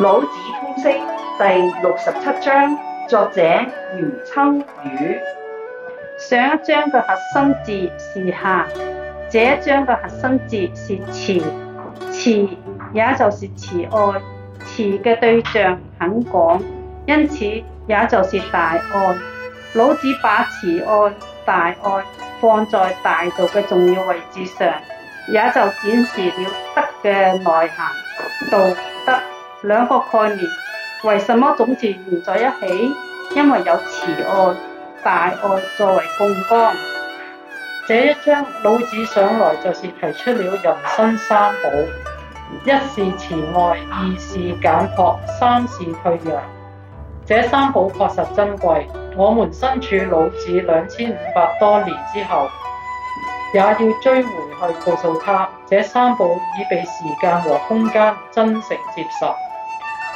老子通釋第六十七章，作者余秋雨。上一章嘅核心字是下，這一章嘅核心字是慈。慈也就是慈愛，慈嘅對象很廣，因此也就是大愛。老子把慈愛、大愛放在大道嘅重要位置上，也就展示了德嘅內涵度。道。兩個概念為什麼總是連在一起？因為有慈愛、大愛作為槓桿。這一章老子上來就是提出了人生三寶：一是慈愛，二是簡樸，三是退讓。這三寶確實珍貴。我們身處老子兩千五百多年之後，也要追回去告訴他，這三寶已被時間和空間真誠接受。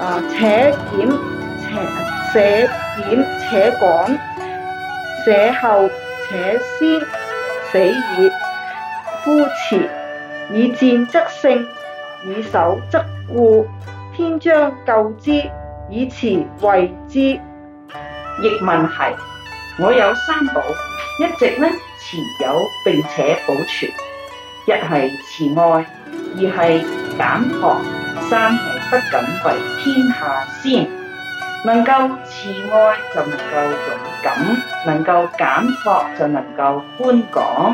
啊！且簡且寫簡且廣捨後且先死矣。夫辭以戰則勝，以守則固。天將救之，以慈衛之。譯文係：我有三寶，一直呢持有並且保存。一係慈愛，二係儉學，三。不敢為天下先，能夠慈愛就能夠勇敢，能夠簡樸就能夠寬廣。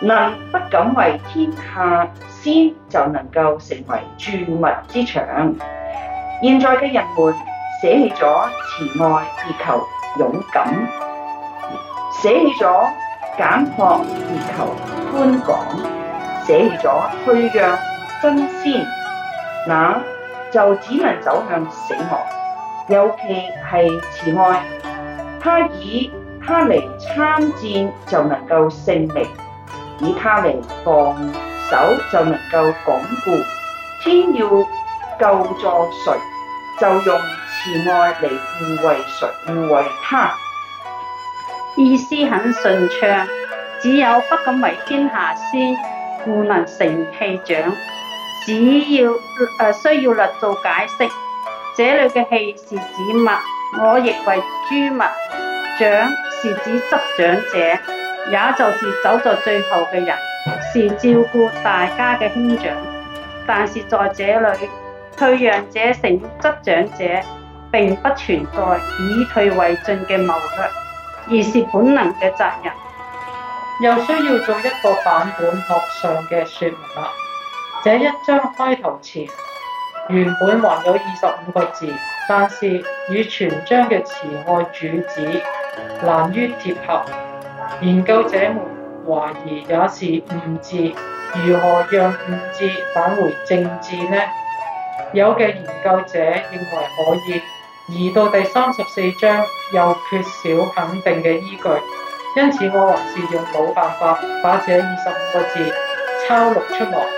能不敢為天下先，就能夠成為器物之長。現在嘅人們捨棄咗慈愛而求勇敢，捨棄咗簡樸而求寬廣，捨棄咗謙讓爭先，那，就只能走向死亡，尤其係慈愛，他以他嚟參戰就能夠勝利，以他嚟防守就能夠鞏固。天要救助誰，就用慈愛嚟護衛誰，護衛他。意思很順暢，只有不敢為天下先，故能成器長。只要誒、呃、需要略做解釋，這裏嘅器是指物，我亦為諸物。長是指執掌者，也就是走在最後嘅人，是照顧大家嘅兄長，但是在這裏，退讓者成執掌者，並不存在以退為進嘅謀略，而是本能嘅責任。又需要做一個版本學上嘅説法。這一章開頭前原本還有二十五個字，但是與全章嘅詞義主旨難於貼合，研究者們懷疑也是誤字。如何讓誤字返回正字呢？有嘅研究者認為可以移到第三十四章，又缺少肯定嘅依據，因此我還是用老辦法把這二十五個字抄錄出來。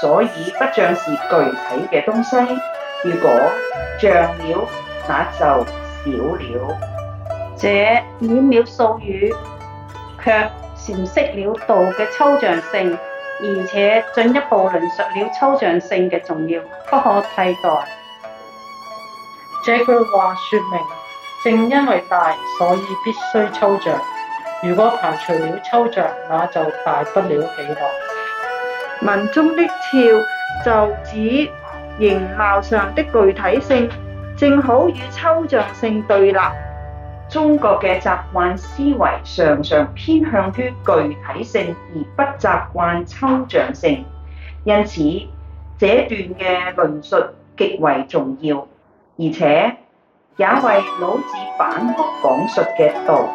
所以不像是具體嘅東西，如果像了，那就少了。這渺渺數語，卻闡釋了道嘅抽象性，而且進一步論述了抽象性嘅重要，不可替代。這句話說明，正因為大，所以必須抽象。如果排除了抽象，那就大不了幾多。文中的俏就指形貌上的具體性，正好與抽象性對立。中國嘅習慣思維常常偏向於具體性，而不習慣抽象性。因此，這段嘅論述極為重要，而且也為老子反復講述嘅道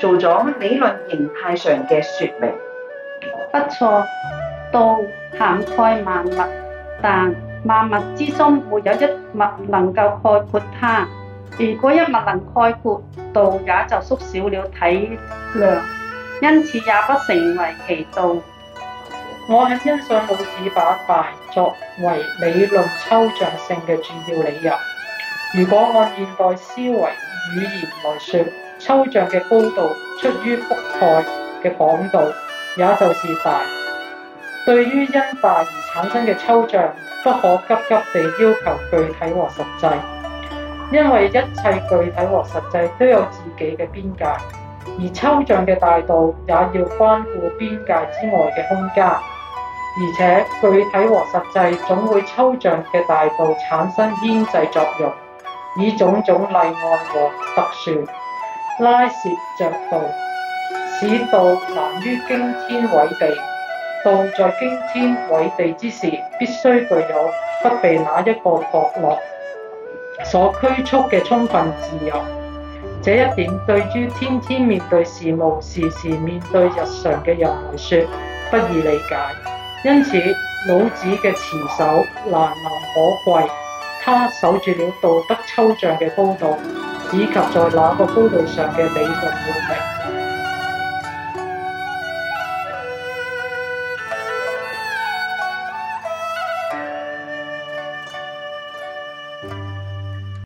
做咗理論形態上嘅說明。不錯。道涵蓋萬物，但萬物之中沒有一物能夠概括它。如果一物能概括道，也就縮小了體量，嗯、因此也不成為其道。我很欣賞老子把大作為理論抽象性嘅主要理由。如果按現代思維語言來說，抽象嘅高度出於覆蓋嘅廣度，也就是大。對於因大而產生嘅抽象，不可急急地要求具體和實際，因為一切具體和實際都有自己嘅邊界，而抽象嘅大道也要關顧邊界之外嘅空間。而且具體和實際總會抽象嘅大道產生牽制作用，以種種例案和特殊拉涉着道，使道難於驚天偉地。道在經天緯地之時，必須具有不被哪一個角落所拘束嘅充分自由。這一點對於天天面對事務、時時面對日常嘅人來說，不易理解。因此，老子嘅持守難能可貴，他守住了道德抽象嘅高度，以及在那個高度上嘅理論完美。